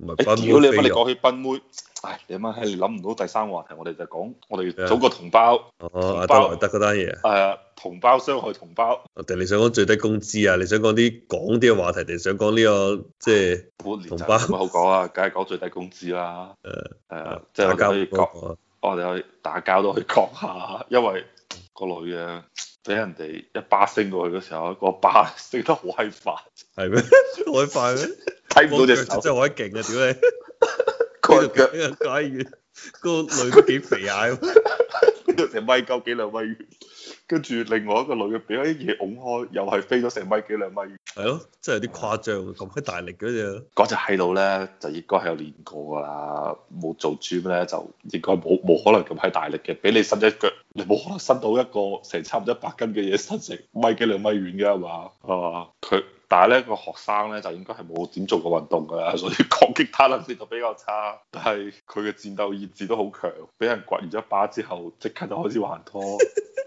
如果、哎、你乜你講起賓妹，唉，你乜閪你諗唔到第三個話題，我哋就講我哋祖國同胞，啊、阿德萊德嗰單嘢，係啊，同胞傷害同胞。定、啊、你想講最低工資啊？你想講啲廣啲嘅話題，定想講呢、呢個即係同胞唔好講啊，梗係講最低工資啦、啊。誒誒、啊，即係、啊、可以講，啊、我哋可以打交都可以講下，因為個女嘅。俾人哋一巴升過去嘅時候，個巴升得好閪快，係咩？好閪快咩？睇唔 到隻手真係好閪勁啊！屌你，個腳個閪軟，個女都、啊、 幾肥矮，成米九幾兩米。跟住另外一個女嘅俾啲嘢拱開，又係飛咗成米幾兩米。係咯、啊，真係有啲誇張啊！咁閪大力嗰隻，嗰隻喺度咧就應該係有練過噶啦，冇做 gym 咧就應該冇冇可能咁閪大力嘅，俾你伸隻腳。冇可能伸到一個成差唔多一百斤嘅嘢伸成米幾兩米遠嘅係嘛？係嘛？佢但係咧個學生咧就應該係冇點做過運動㗎啦，所以抗擊打能力就比較差。但係佢嘅戰鬥意志都好強，俾人摑完一巴之後，即刻就開始還拖。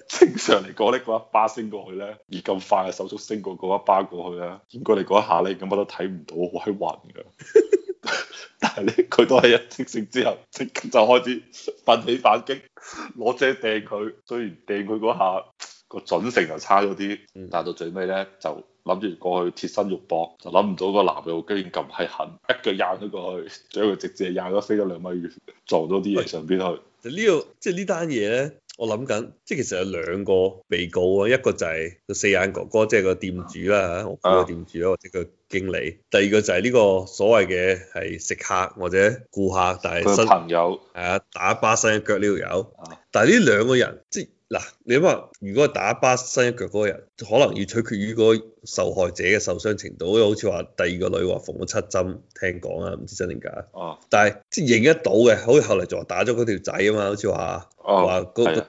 正常嚟講呢，嗰一巴升過去咧，而咁快嘅手速升過嗰一巴過去咧，應該你嗰一下咧，根本都睇唔到我，好閪暈㗎。 但係咧，佢都係一激醒之後，即刻就開始奮起反擊，攞車掟佢，雖然掟佢嗰下個準成就差咗啲，但係到最尾咧就諗住過，過去貼身肉搏，就諗唔到個男嘅居然咁係狠，一腳踹咗過去，將佢直接踹咗飛咗兩米遠，撞到啲嘢上邊去。就、這個就是、呢度，即係呢單嘢咧，我諗緊，即係其實有兩個被告啊，一個就係、是、個四眼哥哥，即、就、係、是、個店主啦吓，的我叫佢店主啦，或者佢。經理，第二個就係呢個所謂嘅係食客或者顧客，但係新朋友係啊，打一巴星一腳呢度有，但係呢兩個人、啊、兩個人即係嗱、啊，你諗下，如果打一巴星一腳嗰個人，可能要取決於嗰個受害者嘅受傷程度，好似話第二個女話縫咗七針，聽講啊，唔知真定假，哦，但係即係認得到嘅，好似後嚟仲話打咗嗰條仔啊嘛，好似話話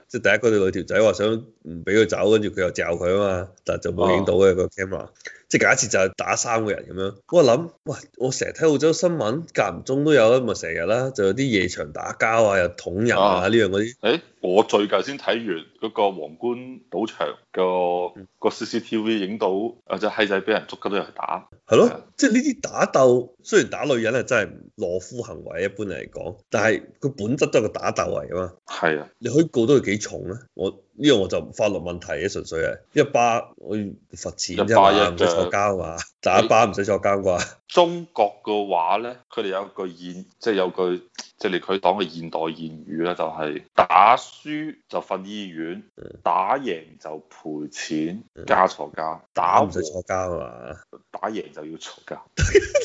即係第一個女條仔話想，想。唔俾佢走，跟住佢又嚼佢啊嘛，但係就冇影到嘅、啊、個 camera，即係假設就係打三個人咁樣。我諗，喂，我成日睇澳洲新聞，間唔中都有啊，咪成日啦，就有啲夜場打交啊，又捅人啊呢、啊、樣嗰啲。誒、欸，我最近先睇完嗰個皇冠賭場個個 CCTV 影到，啊隻閪仔俾人捉急到入去打。係咯、嗯，即係呢啲打鬥，雖然打女人啊真係懦夫行為，一般嚟講，但係佢本質都係個打鬥嚟噶嘛。係是啊，你可以告到佢幾重啊？我。呢個我就法律問題嘅，純粹係一巴可以罰錢啫嘛，唔使 100 日 坐監啊嘛，但你 一巴唔使坐監啩。中國嘅話咧，佢哋有一句演，即係有句。即係佢當嘅現代言語咧，就係打輸就瞓醫院，的打贏就賠錢加的坐監。打唔使坐監啊，打贏就要坐監，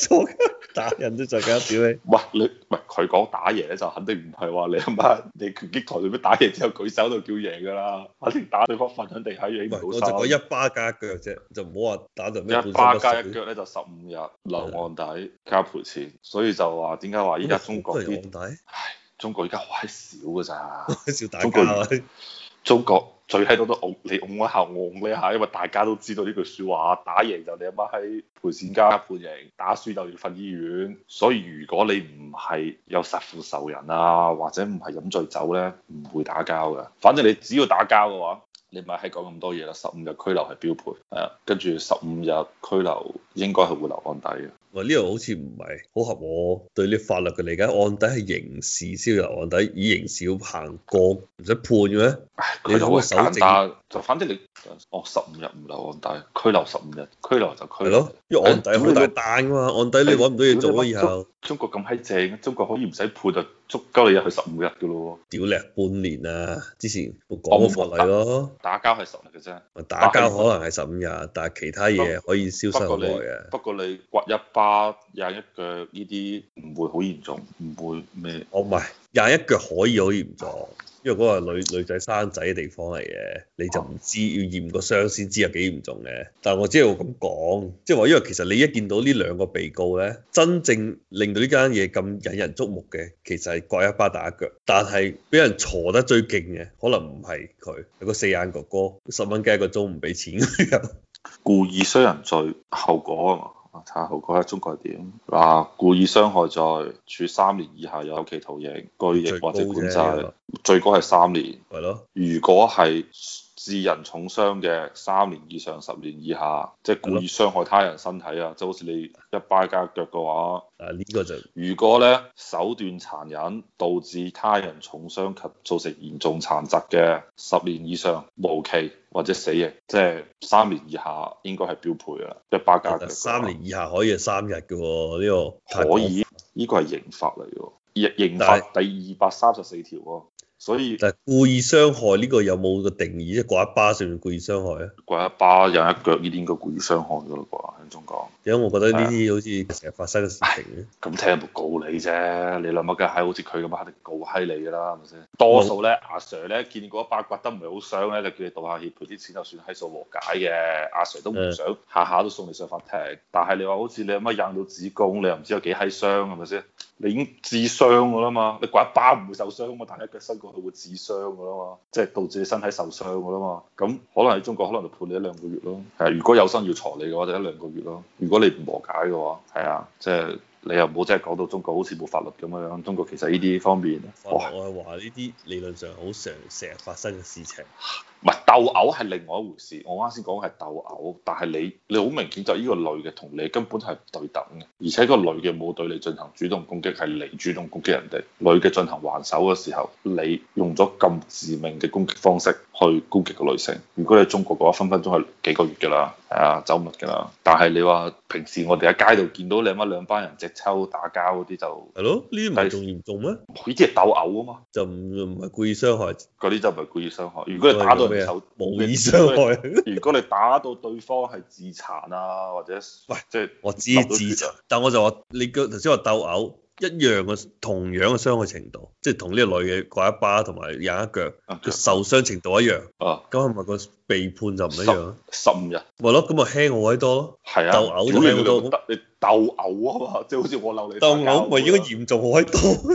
坐 打人都坐監屌。咧？唔係你唔係佢講打贏咧，就肯定唔係話你阿媽你拳擊台度打贏之後舉手就叫贏噶啦，肯定打對方瞓肯定喺要唔我就講一,一巴加一腳啫，就唔好話打到咩一巴加一腳咧就十五日留案底加賠錢，所以就話點解話依家中國中國而家好少噶咋，少 打交中國，中國最閪多都戇，你戇我一下，我戇你一下，因為大家都知道呢句説話，打贏就你阿媽喺賠錢家判刑，打輸就要瞓醫院。所以如果你唔係有殺父仇人啊，或者唔係飲醉酒咧，唔會打交嘅。反正你只要打交嘅話，你咪係講咁多嘢啦。十五日拘留係標配，誒，跟住十五日拘留應該係會留案底嘅。哇！呢樣好似唔係好合我對呢法律嘅理解，案底係刑事先有案底，以刑事行過唔使判嘅咩？你頭個手證就反正你哦十五日唔留案底，拘留十五日，拘留就拘咯，因為案底好大單噶嘛，案底你揾唔到嘢做，可以後中國咁閪正，中國可以唔使判就足夠你入去十五日嘅咯，屌你，半年啊！之前我講過例咯，打交係十日嘅啫，打交可能係十五日，但係其他嘢可以消失好耐嘅。不過你掘一廿、啊、一腳呢啲唔會好嚴重，唔會咩？哦，唔係廿一腳可以好嚴重，因為嗰個女女仔生仔嘅地方嚟嘅，你就唔知、oh. 要驗個傷先知有幾嚴重嘅。但係我只係咁講，即係話，因為其實你一見到呢兩個被告咧，真正令到呢間嘢咁引人矚目嘅，其實係摑一巴打一腳，但係俾人鋤得最勁嘅，可能唔係佢，係個四眼哥哥，十蚊雞一個鐘唔俾錢。故意傷人罪，後果有差好高啊！看看中國係點？呃，故意傷害罪，處三年以下有期徒刑、拘役或者管制，最高係三年，係咯。如果係。致人重傷嘅三年以上十年以下，即係故意傷害他人身體啊！的就好似你一巴加一腳嘅話，誒呢個就是、如果咧手段殘忍，導致他人重傷及造成嚴重殘疾嘅十年以上無期或者死刑，即係三年以下應該係標配啦，一巴加一腳。三年以下可以係三日嘅喎呢個，可以呢、呢個係刑法嚟嘅，刑法第二百三十四條喎。是所以，但係故、就是、故意傷害呢個有冇個定義啫？刮一巴算唔算故意傷害啊？刮一巴、飲一腳呢啲應該故意傷害噶啦啩？響中國，因為我覺得呢啲好似成日發生嘅事。係。咁人冇告你啫，你諗下梗係好似佢咁，肯定告閪你噶啦，係咪先？多數咧，阿、嗯啊、Sir 咧見過一巴刮得唔係好傷咧，就叫你道下協，賠啲錢就算閪數和解嘅。阿、啊、Sir 都唔想下下都送你上法庭，嗯、但係你話好似你乜飲到子宮，你又唔知有幾閪傷，係咪先？你已經致傷噶啦嘛，你刮一巴唔會受傷嘛，但係一腳伸過去會致傷噶啦嘛，即係導致你身體受傷噶啦嘛，咁可能喺中國可能就判你一兩個月咯，係啊，如果有心要裁你嘅話就一兩個月咯，如果你唔和解嘅話，係啊，即係你又唔好真係講到中國好似冇法律咁樣樣，中國其實呢啲方面，我係話呢啲理論上好常成日發生嘅事情。唔係鬥毆係另外一回事，我啱先講係鬥毆，但係你你好明顯就呢個女嘅同你根本係對等嘅，而且個女嘅冇對你進行主動攻擊，係你主動攻擊人哋。女嘅進行還手嘅時候，你用咗咁致命嘅攻擊方式去攻擊個女性。如果你喺中國嘅話，分分鐘係幾個月㗎啦，係啊，走唔甩㗎啦。但係你話平時我哋喺街度見到你乜兩班人直抽打交嗰啲就係咯，呢啲唔係仲嚴重咩？佢啲係鬥毆啊嘛，就唔唔係故意傷害，嗰啲就唔係故意傷害。如果係打到。咩？無意傷害。如果你打到對方係自殘啊， 或者喂、就是，即係我知自殘。但我就話你嘅，頭先話鬥毆。一樣嘅同樣嘅傷害程度，即係同呢個女嘅摑一巴同埋踹一腳佢，啊啊、受傷程度一樣，咁係咪個被判就唔一樣？十五日，咪咯，咁咪輕好多咯。係啊，鬥毆就輕好多。鬥毆啊嘛，即係好似我鬧你。你你鬥毆咪，啊、應該嚴重好多。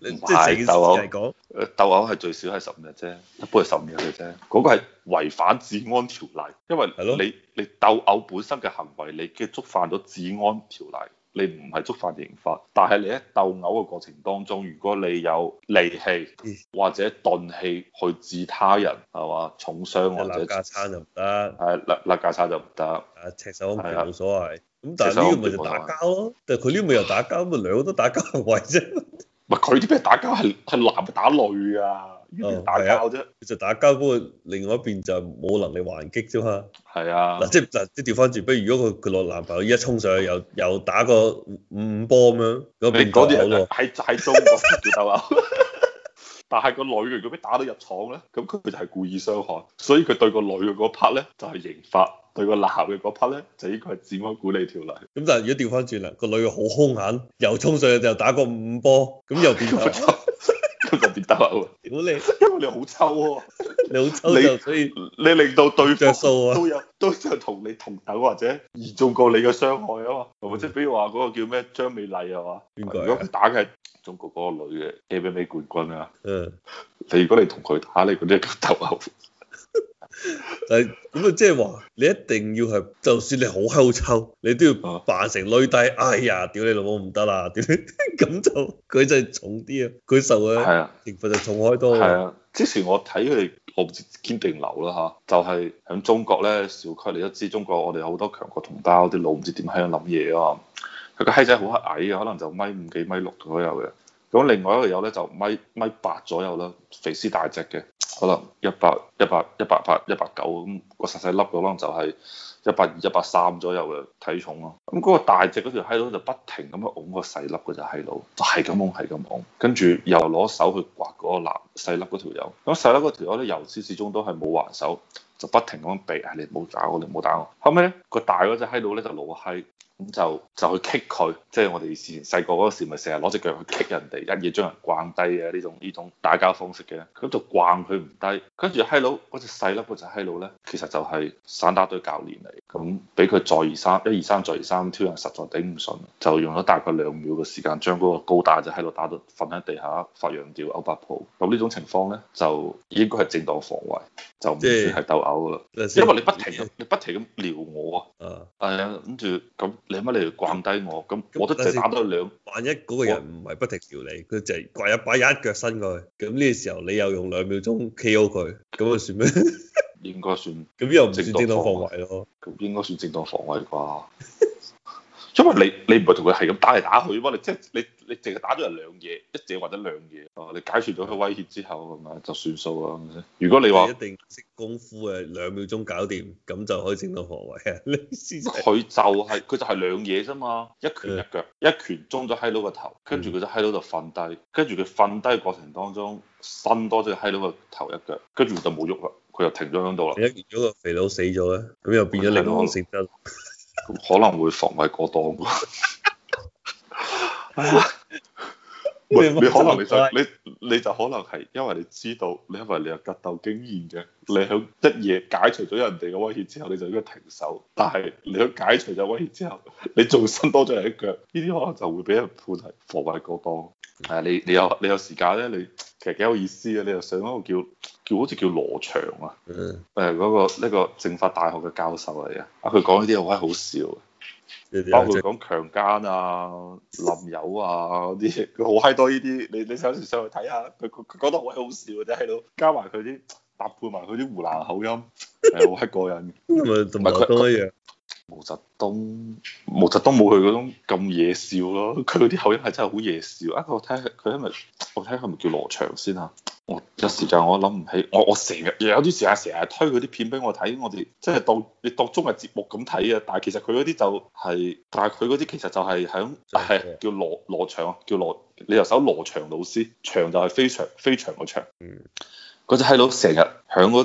唔係是鬥毆，誒鬥毆係最少係十五日啫，一般係十五日嘅啫。嗰，嗰個係違反治安條例，因為你對喲 你，你鬥毆本身嘅行為，你嘅觸犯咗治安條例。你唔係觸犯刑法，但係你喺鬥毆嘅過程當中，如果你有利器或者鈍器去致他人係嘛重傷或者架撐就唔得，係拉架撐就唔得，赤手空拳冇所謂。咁的但係呢個咪就打交咯？但係佢呢個咪又打交，咪 兩個都打交為啫。 唔係佢啲咩打交，係係男打女打、哦、啊，邊度打交啫？就打交，不過另外一邊就冇能力還擊啫嘛。係啊，嗱、啊、即嗱即調翻轉，不如如果佢佢個男朋友依家衝上去又又打個五五波咁樣，嗰啲人嗰度係係中國嚟鬥牛， 但係個女嘅如果俾打到入廠咧，咁佢就係故意傷害，所以佢對個女嗰 part 咧就係刑法。對個男嘅嗰 part 咧，就應該係治安管理條例。咁但係如果調翻轉啦，個女嘅好凶狠，又衝上去就打個五波，咁又變咗，咁就變鬥牛。如果你因為你好臭、啊， 你好臭又所以你，你令到對住數啊，都有 都有同你同等或者嚴重過你嘅傷害啊嘛，或者、嗯、比如話嗰個叫咩張美麗係嘛？如果佢打嘅係中國嗰個女嘅 MMA 冠軍啊，你如果你同佢打，你嗰啲叫鬥牛。咁啊，即係話你一定要係，就算你好口臭，你都要扮成女帝。啊、哎呀，屌你老母唔得啦，咁就佢真係重啲啊，佢受嘅刑罰就重開多。係、哎、啊，之前我睇佢哋好堅定流啦吓，就係、是、喺中國咧，小區你都知中國，我國，我哋好多強國同胞啲佬唔知點喺度諗嘢啊。佢個閪仔好矮嘅，可能就米五幾米六左右嘅。咁另外一個友咧就米米八左右啦，肥屍大隻嘅。可能一百一百一百八一百九，咁個細細粒個，可能就係一百二一百三左右嘅體重咯。咁、那、嗰個大隻嗰條閪佬就不停咁樣拱個細粒嗰隻閪佬，就係咁拱，係咁拱。跟住又攞手去刮嗰個男細粒嗰條友。咁細粒嗰條友咧，那個、由始至終都係冇還手。就不停咁避，係、啊、你冇打我，你唔好打我。後尾咧，個大嗰隻閪佬咧就老閪，咁就就去 kick 佢，即、就、係、是、我哋以前細個嗰時咪成日攞隻腳去 kick 人哋，一嘢將人慣低嘅呢種呢種打交方式嘅咧，咁就慣佢唔低。跟住閪佬嗰隻細粒嗰隻閪佬咧，其實就係散打隊教練嚟，咁俾佢再而三，一二三再而三，挑人實在頂唔順，就用咗大概兩秒嘅時間，將嗰個高大隻閪佬打到瞓喺地下發羊吊嘔白泡。咁呢種情況咧，就應該係正當防衛，就唔算係鬥因為你不停咁，你不停咁撩我啊，係啊，跟住咁你乜嚟逛低我，咁我都打多兩，嗯嗯、萬一嗰個人唔係不停撩你，佢就掛一擺一腳伸過去，咁呢個時候你又用兩秒鐘 KO 佢，咁啊算咩？ 應該算。咁 又唔算正當防衛咯？咁應該算正當防衛啩？ 因為你你唔係同佢係咁打嚟打去麼？你即係你你淨係打咗人兩嘢，一隻或者兩嘢，哦，你解除咗佢威脅之後咁咪就算數啊？如果你話一定識功夫嘅兩秒鐘搞掂，咁就可以整到何為啊？ 你佢試就係、是、佢就係兩嘢啫嘛，一拳一腳，的一拳中咗閪佬個頭，跟住佢就閪佬就瞓低，跟住佢瞓低嘅過程當中，伸多隻閪佬個頭一腳，跟住就冇喐啦，佢就停咗喺度啦。一完咗個肥佬死咗咧，咁又變咗另一個性質。 可能會防衛過當。你可能你就你你就可能係，因為你知道，你因為你有格鬥經驗嘅，你喺一嘢解除咗人哋嘅威脅之後，你就應該停手。但係你喺解除咗威脅之後，你仲伸多咗人一腳，呢啲可能就會俾人判係防衛過當。誒， 你你有你有時間咧，你其實幾有意思嘅，你又上嗰個叫叫好似叫羅翔啊，誒嗰、 嗰個呢、嗰個政法大學嘅教授嚟嘅，啊佢講呢啲好鬼好笑。包括講強奸啊、淋友啊嗰啲，佢好嗨多呢啲。你你有時上去睇下，佢佢覺得好好笑嘅喺度加埋佢啲搭配埋佢啲湖南口音，係好閪過癮。同麥當一毛澤東，毛澤東冇佢嗰種咁野笑咯，佢嗰啲口音係真係好野笑啊！我睇下佢係咪，我睇下佢係咪叫羅長先啊？我一時間我諗唔起，我我成日有啲時間成日推佢啲片俾我睇，我哋即係當你當中嘅節目咁睇啊！但係其實佢嗰啲就係、是，但係佢嗰啲其實就係響係叫羅羅長啊。叫羅你又搜羅長老師，長就係非常非常個長。嗰隻閪佬成日響嗰啲，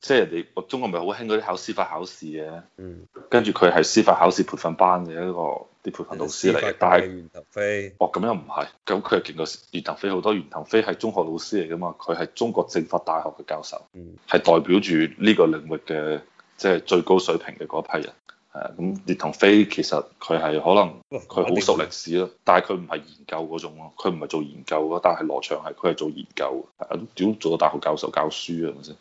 即係人哋中國咪好興嗰啲考司法考試嘅？嗯，跟住佢係司法考試培訓班嘅一個啲培訓老師嚟嘅，但係袁騰飛哦咁又唔係，咁佢又勁過袁騰飛好多，袁騰飛係中學老師嚟噶嘛，佢係中國政法大學嘅教授，係、嗯、代表住呢個領域嘅即係最高水平嘅嗰批人。係，咁列同飛其實佢係可能佢好熟歷史咯，但係佢唔係研究嗰種咯，佢唔係做研究咯，但係羅翔係佢係做研究，屌做到大學教授教書啊，係咪先？